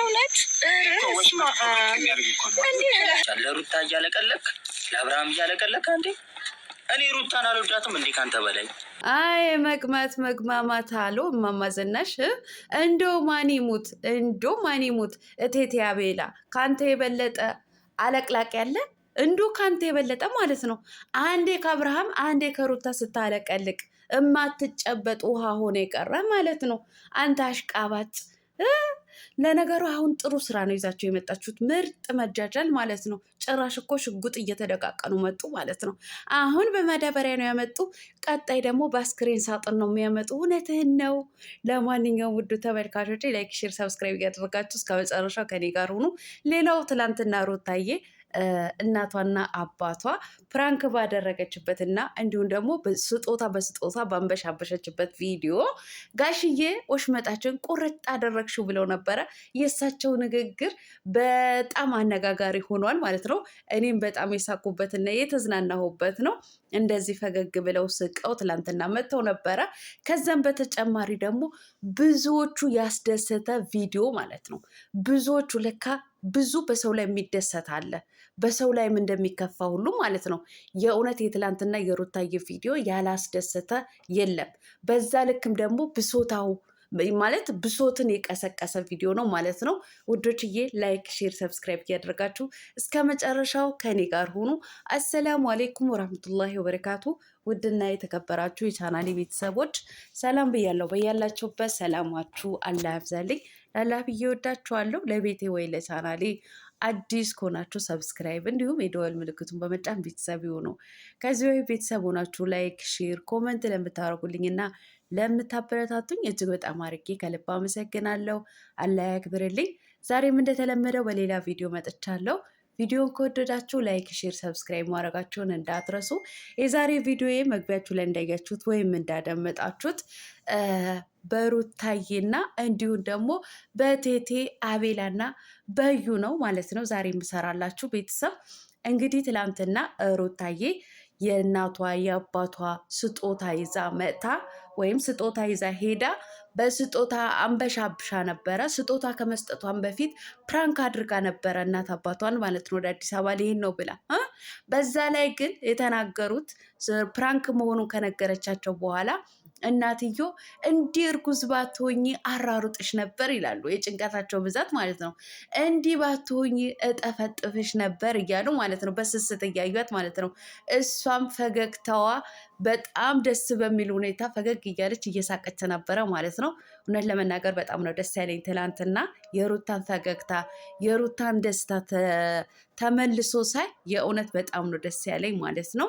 እውነት ለሩታ እያለቀለክ ለአብርሃም እያለቀለክ እንዴ እኔ ሩታን አልወዳትም እንዴ ካንተ በላይ አይ መቅመት መግማማት አሉ እማማዘናሽ እንዶ ማን ይሙት እንዶ ማን ይሙት እቴቴ አቤላ ካንተ የበለጠ አለቅላቅ ያለ እንዶ ካንተ የበለጠ ማለት ነው አንዴ ከአብርሃም አንዴ ከሩታ ስታለቀልቅ እማትጨበጥ ውሃ ሆነ የቀረ ማለት ነው አንተ አሽቃባጭ ለነገሩ አሁን ጥሩ ስራ ነው ይዛቸው የመጣችሁት፣ ምርጥ መጃጃል ማለት ነው። ጭራሽ እኮ ሽጉጥ እየተደቃቀኑ መጡ ማለት ነው። አሁን በማዳበሪያ ነው ያመጡ፣ ቀጣይ ደግሞ በአስክሬን ሳጥን ነው የሚያመጡ። እውነትህን ነው። ለማንኛውም ውዱ ተመልካቾች ላይክ፣ ሼር፣ ሰብስክራይብ እያደረጋችሁ እስከ መጨረሻው ከኔ ጋር ሁኑ። ሌላው ትላንትና ሩታዬ እናቷና አባቷ ፕራንክ ባደረገችበት እና እንዲሁም ደግሞ ስጦታ በስጦታ ባንበሻበሸችበት ቪዲዮ ጋሽዬ ወሽመጣችን ቁርጥ አደረግሽው ብለው ነበረ። የእሳቸው ንግግር በጣም አነጋጋሪ ሆኗል ማለት ነው። እኔም በጣም የሳኩበትና የተዝናናሁበት ነው። እንደዚህ ፈገግ ብለው ስቀው ትላንትና መጥተው ነበረ። ከዛም በተጨማሪ ደግሞ ብዙዎቹ ያስደሰተ ቪዲዮ ማለት ነው። ብዙዎቹ ለካ ብዙ በሰው ላይ የሚደሰት አለ፣ በሰው ላይም እንደሚከፋ ሁሉ ማለት ነው። የእውነት የትላንትና የሩታዬ ቪዲዮ ያላስደሰተ የለም። በዛ ልክም ደግሞ ብሶታው ማለት ብሶትን የቀሰቀሰ ቪዲዮ ነው ማለት ነው ውዶችዬ። ላይክ፣ ሼር፣ ሰብስክራይብ እያደረጋችሁ እስከ መጨረሻው ከኔ ጋር ሆኑ። አሰላሙ አሌይኩም ወራህመቱላሂ ወበረካቱ። ውድና የተከበራችሁ የቻናሌ ቤተሰቦች ሰላም ብያለሁ። በያላችሁበት ሰላማችሁ አላህ ያብዛልኝ። ላላህ ብዬ ወዳችኋለሁ። ለቤቴ ወይ ለቻናሌ አዲስ ከሆናችሁ ሰብስክራይብ እንዲሁም የደወል ምልክቱን በመጫን ቤተሰብ ይሁኑ። ከዚህ ወይ ቤተሰብ ሆናችሁ ላይክ፣ ሼር፣ ኮመንት ለምታደርጉልኝና ለምታበረታቱኝ እጅግ በጣም አርጌ ከልብ አመሰግናለሁ። አላህ ያክብርልኝ። ዛሬም እንደተለመደው በሌላ ቪዲዮ መጥቻለሁ። ቪዲዮን ከወደዳችሁ ላይክ፣ ሼር፣ ሰብስክራይብ ማድረጋችሁን እንዳትረሱ። የዛሬ ቪዲዮ መግቢያችሁ ላይ እንዳያችሁት ወይም እንዳደመጣችሁት በሩታዬና እንዲሁም ደግሞ በቴቴ አቤላና በዩ ነው ማለት ነው ዛሬ የምሰራላችሁ ቤተሰብ እንግዲህ ትላንትና ሩታዬ የእናቷ የአባቷ ስጦታ ይዛ መጥታ ወይም ስጦታ ይዛ ሄዳ በስጦታ አንበሻብሻ ነበረ። ስጦታ ከመስጠቷን በፊት ፕራንክ አድርጋ ነበረ እናት አባቷን ማለት ነው፣ ወደ አዲስ አበባ ሊሄድ ነው ብላ። በዛ ላይ ግን የተናገሩት ፕራንክ መሆኑን ከነገረቻቸው በኋላ እናትዮ እንዲህ እርጉዝ ባትሆኝ አራሩጥሽ ነበር ይላሉ። የጭንቀታቸው ብዛት ማለት ነው። እንዲህ ባትሆኝ እጠፈጥፍሽ ነበር እያሉ ማለት ነው። በስስት እያዩት ማለት ነው። እሷም ፈገግታዋ በጣም ደስ በሚል ሁኔታ ፈገግ እያለች እየሳቀች ነበረ ማለት ነው። እውነት ለመናገር በጣም ነው ደስ ያለኝ ትላንትና የሩታን ፈገግታ የሩታን ደስታ ተመልሶ ሳይ የእውነት በጣም ነው ደስ ያለኝ ማለት ነው።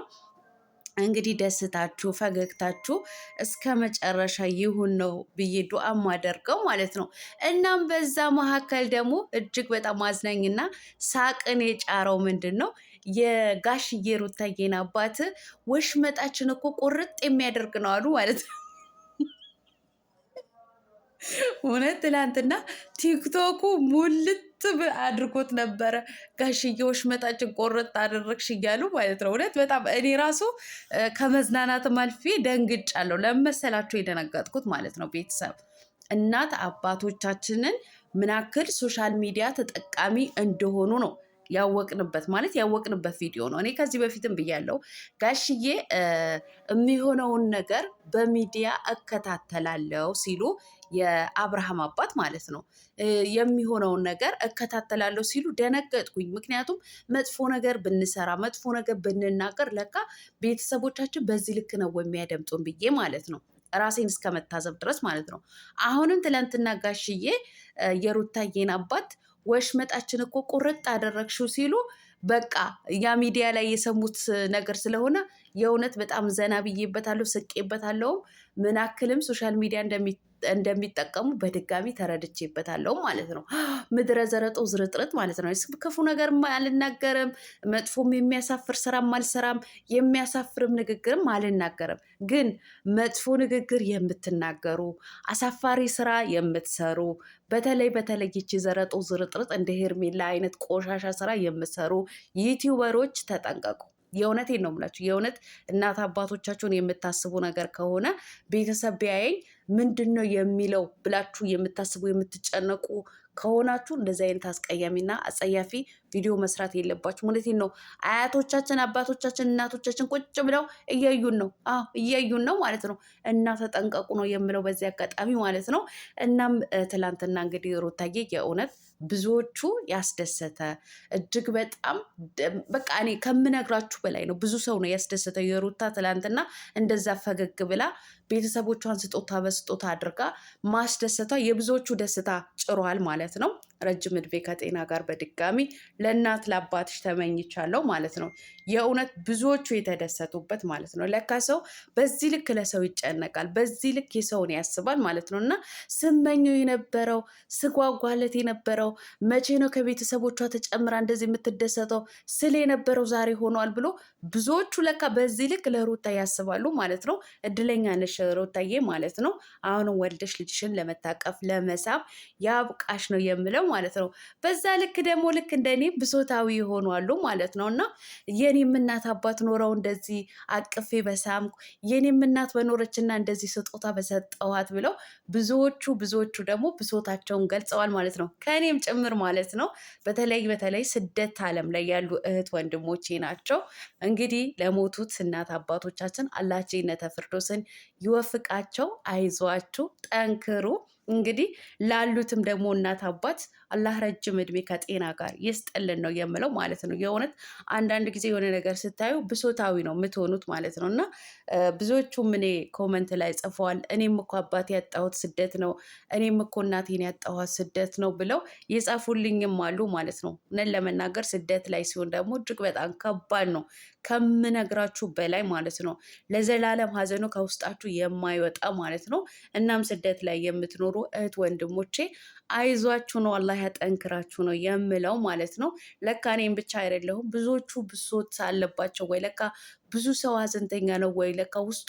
እንግዲህ ደስታችሁ ፈገግታችሁ እስከ መጨረሻ ይሁን ነው ብዬ ዱዓ ማደርገው ማለት ነው። እናም በዛ መካከል ደግሞ እጅግ በጣም አዝናኝና ሳቅን የጫረው ምንድን ነው የጋሽዬ ሩታዬን አባት ወሽመጣችን እኮ ቁርጥ የሚያደርግ ነው አሉ ማለት ነው። እውነት ትላንትና ቲክቶኩ ሙልት ትብ አድርጎት ነበረ። ጋሽዬ ወሽመጣችን ቆረጥ አደረግሽ እያሉ ማለት ነው። እውነት በጣም እኔ ራሱ ከመዝናናትም አልፌ ደንግጫለሁ። ለመሰላቸው የደነገጥኩት ማለት ነው። ቤተሰብ እናት አባቶቻችንን ምናክል ሶሻል ሚዲያ ተጠቃሚ እንደሆኑ ነው ያወቅንበት ማለት ያወቅንበት ቪዲዮ ነው። እኔ ከዚህ በፊትም ብያለው ጋሽዬ የሚሆነውን ነገር በሚዲያ እከታተላለው ሲሉ የአብርሃም አባት ማለት ነው የሚሆነውን ነገር እከታተላለሁ ሲሉ ደነገጥኩኝ። ምክንያቱም መጥፎ ነገር ብንሰራ መጥፎ ነገር ብንናገር ለካ ቤተሰቦቻችን በዚህ ልክ ነው የሚያደምጡን ብዬ ማለት ነው ራሴን እስከ መታዘብ ድረስ ማለት ነው። አሁንም ትላንትና ጋሽዬ የሩታዬን አባት ወሽመጣችን እኮ ቁርጥ አደረግሽው ሲሉ በቃ ያ ሚዲያ ላይ የሰሙት ነገር ስለሆነ የእውነት በጣም ዘና ብዬበታለሁ፣ ስቄበታለሁም ምናክልም ሶሻል ሚዲያ እንደሚ እንደሚጠቀሙ በድጋሚ ተረድቼበታለሁ ማለት ነው። ምድረ ዘረጦ ዝርጥርጥ ማለት ነው። ክፉ ነገር አልናገርም፣ መጥፎም የሚያሳፍር ስራም አልሰራም፣ የሚያሳፍርም ንግግርም አልናገርም። ግን መጥፎ ንግግር የምትናገሩ አሳፋሪ ስራ የምትሰሩ በተለይ በተለይ ይቺ ዘረጦ ዝርጥርጥ እንደ ሄርሜላ አይነት ቆሻሻ ስራ የምትሰሩ ዩቲዩበሮች ተጠንቀቁ። የእውነቴን ነው የምላችሁ። የእውነት እናት አባቶቻችሁን የምታስቡ ነገር ከሆነ ቤተሰብ ቢያየኝ ምንድን ነው የሚለው ብላችሁ የምታስቡ የምትጨነቁ ከሆናችሁ እንደዚህ አይነት አስቀያሚና አጸያፊ ቪዲዮ መስራት የለባችሁ። እውነቴን ነው። አያቶቻችን፣ አባቶቻችን፣ እናቶቻችን ቁጭ ብለው እያዩን ነው። እያዩን ነው ማለት ነው። እና ተጠንቀቁ ነው የምለው በዚህ አጋጣሚ ማለት ነው። እናም ትላንትና እንግዲህ ሩታዬ የእውነት ብዙዎቹ ያስደሰተ እጅግ በጣም በቃ እኔ ከምነግራችሁ በላይ ነው። ብዙ ሰው ነው ያስደሰተው የሩታ ትላንትና እንደዛ ፈገግ ብላ ቤተሰቦቿን ስጦታ በስጦታ አድርጋ ማስደሰቷ የብዙዎቹ ደስታ ጭሯል ማለት ነው። ረጅም እድሜ ከጤና ጋር በድጋሚ ለእናት ለአባትሽ ተመኝቻለሁ ማለት ነው። የእውነት ብዙዎቹ የተደሰቱበት ማለት ነው። ለካ ሰው በዚህ ልክ ለሰው ይጨነቃል፣ በዚህ ልክ የሰውን ያስባል ማለት ነው። እና ስመኘው የነበረው ስጓጓለት የነበረው መቼ ነው ከቤተሰቦቿ ተጨምራ እንደዚህ የምትደሰተው ስል የነበረው ዛሬ ሆኗል ብሎ ብዙዎቹ ለካ በዚህ ልክ ለሩታ ያስባሉ ማለት ነው። እድለኛ ነሽ ሩታዬ ማለት ነው። አሁንም ወልደሽ ልጅሽን ለመታቀፍ ለመሳብ ያብቃሽ ነው የምለው ማለት ነው። በዛ ልክ ደግሞ ልክ እንደኔ ብሶታዊ ይሆናሉ ማለት ነው እና የኔ የኔም እናት አባት ኖረው እንደዚህ አቅፌ በሳምኩ የኔም እናት በኖረችና እንደዚህ ስጦታ በሰጠዋት ብለው ብዙዎቹ ብዙዎቹ ደግሞ ብሶታቸውን ገልጸዋል ማለት ነው። ከእኔም ጭምር ማለት ነው። በተለይ በተለይ ስደት ዓለም ላይ ያሉ እህት ወንድሞቼ ናቸው። እንግዲህ ለሞቱት እናት አባቶቻችን አላቸው ጀነተ ይወፍቃቸው። አይዟችሁ፣ ጠንክሩ። እንግዲህ ላሉትም ደግሞ እናት አባት አላህ ረጅም እድሜ ከጤና ጋር ይስጥልን ነው የምለው ማለት ነው። የእውነት አንዳንድ ጊዜ የሆነ ነገር ስታዩ ብሶታዊ ነው የምትሆኑት ማለት ነው። እና ብዙዎቹም እኔ ኮመንት ላይ ጽፈዋል። እኔም እኮ አባት ያጣሁት ስደት ነው፣ እኔም እኮ እናቴን ያጣኋት ስደት ነው ብለው የጻፉልኝም አሉ ማለት ነው። ነን ለመናገር ስደት ላይ ሲሆን ደግሞ እጅግ በጣም ከባድ ነው ከምነግራችሁ በላይ ማለት ነው። ለዘላለም ሀዘኑ ከውስጣችሁ የማይወጣ ማለት ነው። እናም ስደት ላይ የምትኖሩ እህት ወንድሞቼ አይዟችሁ ነው አላህ ያጠንክራችሁ ነው የምለው ማለት ነው። ለካ እኔም ብቻ አይደለሁም ብዙዎቹ ብሶት አለባቸው ወይ ለካ ብዙ ሰው ሀዘንተኛ ነው ወይ ለካ ውስጡ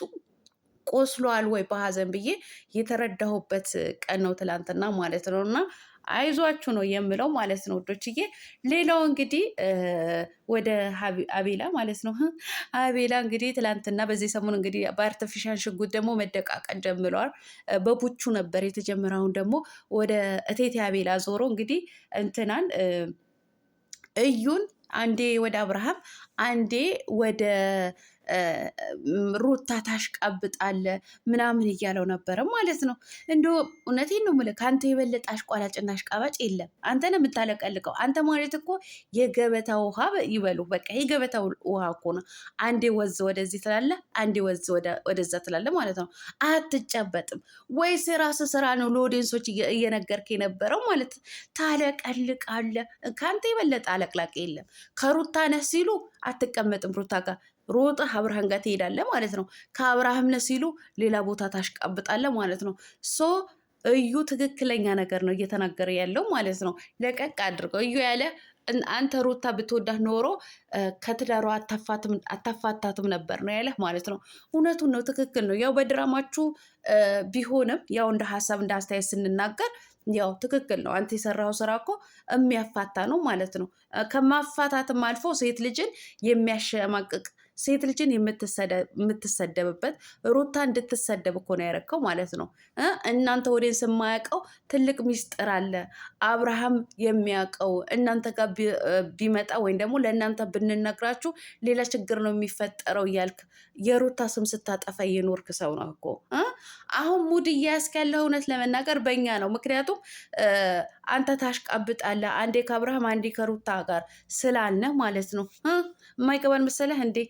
ቆስሏል ወይ በሀዘን ብዬ የተረዳሁበት ቀን ነው ትላንትና ማለት ነው እና አይዟችሁ ነው የምለው ማለት ነው ወዶችዬ። ሌላው እንግዲህ ወደ አቤላ ማለት ነው አቤላ እንግዲህ ትላንትና በዚህ ሰሞን እንግዲህ በአርተፊሻል ሽጉጥ ደግሞ መደቃቀን ጀምረዋል። በቡቹ ነበር የተጀመረ። አሁን ደግሞ ወደ እቴቴ አቤላ ዞሮ እንግዲህ እንትናን እዩን አንዴ ወደ አብርሃም አንዴ ወደ ሩታ ታሽቃብጣለ ምናምን እያለው ነበረ ማለት ነው። እንደ እውነቴን ነው የምልህ ከአንተ የበለጠ አሽቋላጭና አሽቃባጭ የለም። አንተ ነው የምታለቀልቀው። አንተ ማለት እኮ የገበታ ውሃ ይበሉ በቃ የገበታ ውሃ እኮ ነው። አንዴ ወዝ ወደዚህ ትላለ፣ አንዴ ወዝ ወደዛ ትላለ ማለት ነው። አትጨበጥም ወይስ የራስ ስራ ነው ለኦዲየንሶች እየነገርክ የነበረው ማለት ታለቀልቃለ። ከአንተ የበለጠ አለቅላቅ የለም። ከሩታ ነህ ሲሉ አትቀመጥም ሩታ ጋር ሮጠህ አብርሃም ጋር ትሄዳለህ ማለት ነው። ከአብርሃም ነህ ሲሉ ሌላ ቦታ ታሽቃብጣለህ ማለት ነው። ሶ እዩ ትክክለኛ ነገር ነው እየተናገረ ያለው ማለት ነው። ለቀቅ አድርገው እዩ ያለ አንተ ሩታ ብትወዳህ ኖሮ ከትዳሯ አታፋታትም ነበር ነው ያለህ ማለት ነው። እውነቱን ነው፣ ትክክል ነው። ያው በድራማችሁ ቢሆንም ያው እንደ ሀሳብ እንደ አስተያየት ስንናገር ያው ትክክል ነው። አንተ የሰራኸው ስራ እኮ የሚያፋታ ነው ማለት ነው። ከማፋታትም አልፎ ሴት ልጅን የሚያሸማቅቅ ሴት ልጅን የምትሰደብበት ሩታ እንድትሰደብ እኮ ነው ያረከው ማለት ነው። እናንተ ወደን የማያውቀው ትልቅ ሚስጥር አለ። አብርሃም የሚያውቀው እናንተ ጋር ቢመጣ ወይም ደግሞ ለእናንተ ብንነግራችሁ ሌላ ችግር ነው የሚፈጠረው እያልክ የሩታ ስም ስታጠፋ የኖርክ ሰው ነው እኮ። አሁን ሙድ እያያስክ ያለ እውነት ለመናገር በኛ ነው። ምክንያቱም አንተ ታሽቃብጣለህ አንዴ ከአብርሃም አንዴ ከሩታ ጋር ስላለ ማለት ነው። የማይገባን መሰለህ እንዴ?